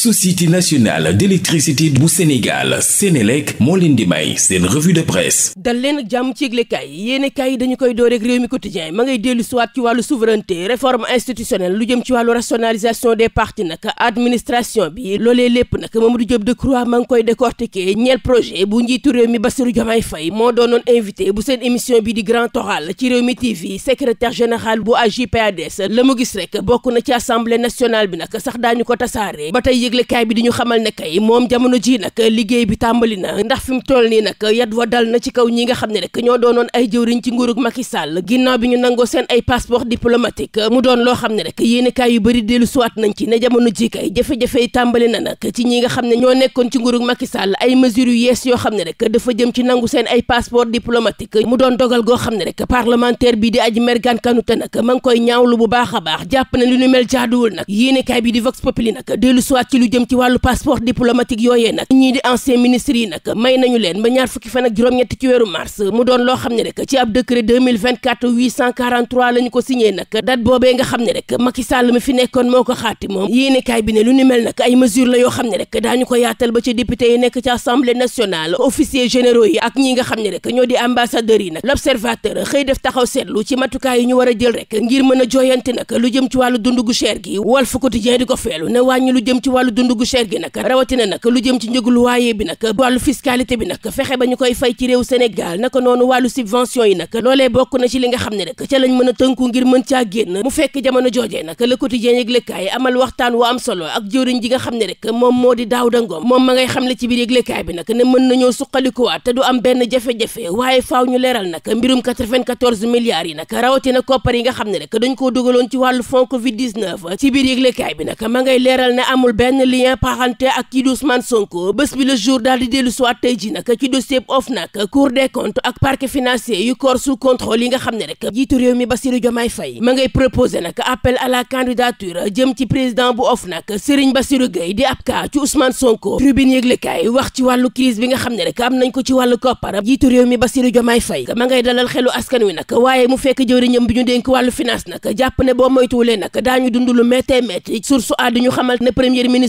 société nationale d'électricité bu Sénégal Sénélec moo leen di may seen revue de presse dal leen ak jàmm ci yëglekaay yéenekaay yi dañu koy door ak réew mi quotidien ma ngay dellu siwaat ci wàllu souveraineté réforme institutionnelle lu jëm ci wàllu rationalisation des partis nag administration bi loolee lépp moom nag Mamadou de Decroix ma ngi koy décortiquer ñeel projet bu njiitu réew mi Bassirou Diomaye Faye moo doonoon invité bu seen émission bi di grand oral ci réew mi TV secrétaire bu aj gis rek bokk na ci assemblée nationale bi nag sax ko yëglekaay bi di ñu xamal ne kay moom jamono ji nag liggéey bi tàmbali na ndax fi mu toll nii nag yat wa dal na ci kaw ñi nga xam ne rek ñoo doonoon ay jëwriñ ci nguurug Macky Sall ginnaaw bi ñu nangoo seen ay passeport diplomatique mu doon loo xam ne rek yéenekaay yu bëri dellu suwaat nañ ci ne jamono ji kay jafe-jafe yi tàmbali na nag ci ñi nga xam ne ñoo nekkoon ci nguurug Macky Sall ay mesures yu yees yoo xam ne rek dafa jëm ci nangu seen ay passeport diplomatique mu doon dogal goo xam ne rek parlementaire bi di aji mergan kanute nag ma ngi koy ñaawlu bu baax a baax jàpp na lu ñu mel jaaduwul nag yéenekaay bi di Vox Populi nag dellu suwaat ci lu jëm ci wàllu passeport diplomatique yooyee nag ñii di ancien ministre yi nag may nañu leen ba ñaar fukki fan ak juróom-ñett ci weeru mars mu doon loo xam ne rek ci ab décret 2024 843 la ñu ko signé nag date boobee nga xam ne rek Macky Sall mi fi nekkoon moo ko xaati moom yéenekaay bi ne lu ni mel nag ay mesure la yoo xam ne rek daañu ko yaatal ba ci député yi nekk ci assemblée nationale officiers généraux yi ak ñi nga xam ne rek ñoo di ambassadeurs yi nag l'observateur xëy def taxaw seetlu ci matukaay yi ñu war a jël rek ngir mën a jooyante nag lu jëm ci wàllu dundu gu cher gi Walf Quotidien wàllu dund gu cher gi nag rawatina nag lu jëm ci njëgu loyer bi nag wàllu fiscalité bi nag fexe ba ñu koy fay ci réew Sénégal naka noonu wàllu subvention yi nag loolee bokk na ci li nga xam ne rek ca lañ mën a tënku ngir mën caa génn mu fekk jamono joojee nag le quotidien yëglekaay amal waxtaan wu am solo ak jëwriñ ji nga xam ne rek moom moo di Daouda Ngom moom ma ngay xam ne ci biir yëglekaay bi nag ne mën nañoo suqalikuwaat te du am benn jafe-jafe waaye faaw ñu leeral nag mbirum 94 milliards yi nag rawatina koppar yi nga xam ne rek dañ koo dugaloon ci wàllu fond covid 19 ci biir yëglekaay bi nag ma ngay leeral ne amul na lien parenté ak kii di Ousmane Sonko bés bi le jour daal di dellu siwaat tey ji nag ci dossier OFNAC cour des comptes ak parquet financier yu corps sous contrôle yi nga xam ne rek jiitu réew mi Bassirou Diomaye Faye ma ngay proposé nag appel à la candidature jëm ci président bu OFNAC Serigne Bassirou Gueye di ab kaa ci Ousmane Sonko tribune yëglekaay wax ci wàllu crise bi nga xam ne rek am nañ ko ci wàllu koppar jiitu réew mi Bassirou Diomaye Faye ma ngay dalal xelu askan wi nag waaye mu fekk jëwriñam bi ñu dénk wàllu finance nag jàpp ne boo moytuwulee nag daañu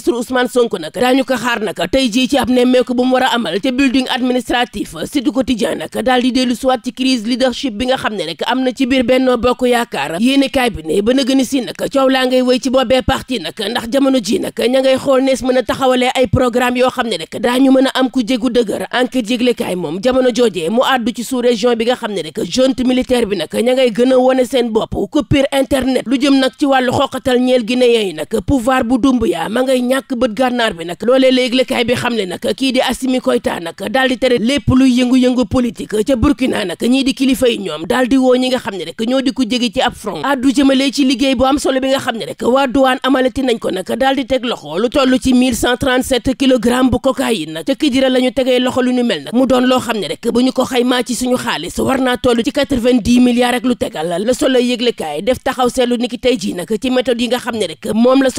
ministre Ousmane Sonko nag daañu ko xaar nag tey jii ci ab nemmeeku bu mu war a amal ca building administratif Sud Quotidien nag daal di dellu siwaat ci crise leadership bi nga xam ne rek am na ci biir Benno Bokk Yaakaar yéenekaay bi ne ba nëgëni si nag coow laa ngay wéy ci boobee parti nag ndax jamono jii nag ña ngay xool nees mën a taxawalee ay programme yoo xam ne rek daañu mën a am ku jégu dëgër enquête jéglekaay moom jamono joojee mu àddu ci sous région bi nga xam ne rek junte militaire bi nag ña ngay gën a wone seen bopp coupure internet lu jëm nag ci wàllu xoqatal ñeel guinéen yi nag pouvoir bu dumb yaa ñàkk bët gànnaar bi nag loolee léegi lekaay bi xam ne nag kii di Assimi Koïta nag daal di tere lépp luy yëngu-yëngu politique ca Burkina nag ñii di kilifa yi ñoom daal di woo ñi nga xam ne rek ñoo di ko jege ci ab front addu jëmale ci liggéey bu am solo bi nga xam ne rek waa douane ti nañ ko nag daal di teg loxo lu toll ci 1137 kilogramme bu cocaïne nag ca Kidira la ñu tegee loxo lu ñu mel nag mu doon loo xam ne rek bu ñu ko xaymaa ci suñu xaalis war naa toll ci 90 milliards ak lu tegal la solo yëglekaay def taxaw seetlu niki tey ji nag ci méthode yi nga xam ne rek moom la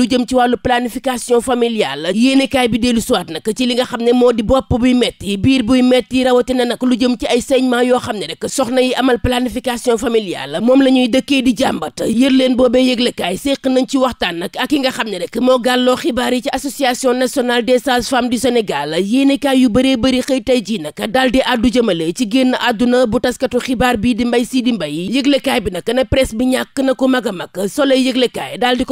lu jëm ci wàllu wàllu planification familiale yéenekaay bi dellu siwaat nag ci li nga xam ne moo di bopp buy metti biir buy metti rawatina nag lu jëm ci ay saignement yoo xam ne rek soxna yi amal planification familiale moom la ñuy dëkkee di jàmbat yër leen boobee yëglekaay séq nañ ci waxtaan nag ak yi nga xam ne rek moo gàlloo xibaar yi ci association nationale des sages-femmes du Sénégal yéenekaay yu bëree bëri xëy tey jii nag dal di àddu jëmale ci génn àdduna bu taskatu xibaar bii di mbay sii di mbay yëglekaay bi nag ne presse bi ñàkk na ko mag a mag soleil yëglekaay daal di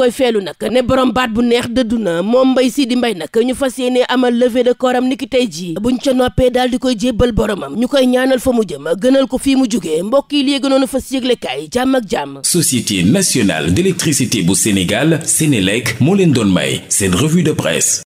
neex dëddu na moom mbay Mbaye Sidi Mbaye nag ñu fas yéene amal levée de corps am niki tey jii ñu ca noppee daal di koy jébbal boromam ñu koy ñaanal fa mu jëm gënal ko fii mu jógee mbokk yi léegi noonu fas yëglekaay jàmm ak jàmm. Société nationale d'électricité bu Sénégal Sénélec moo leen doon may seen revue de presse.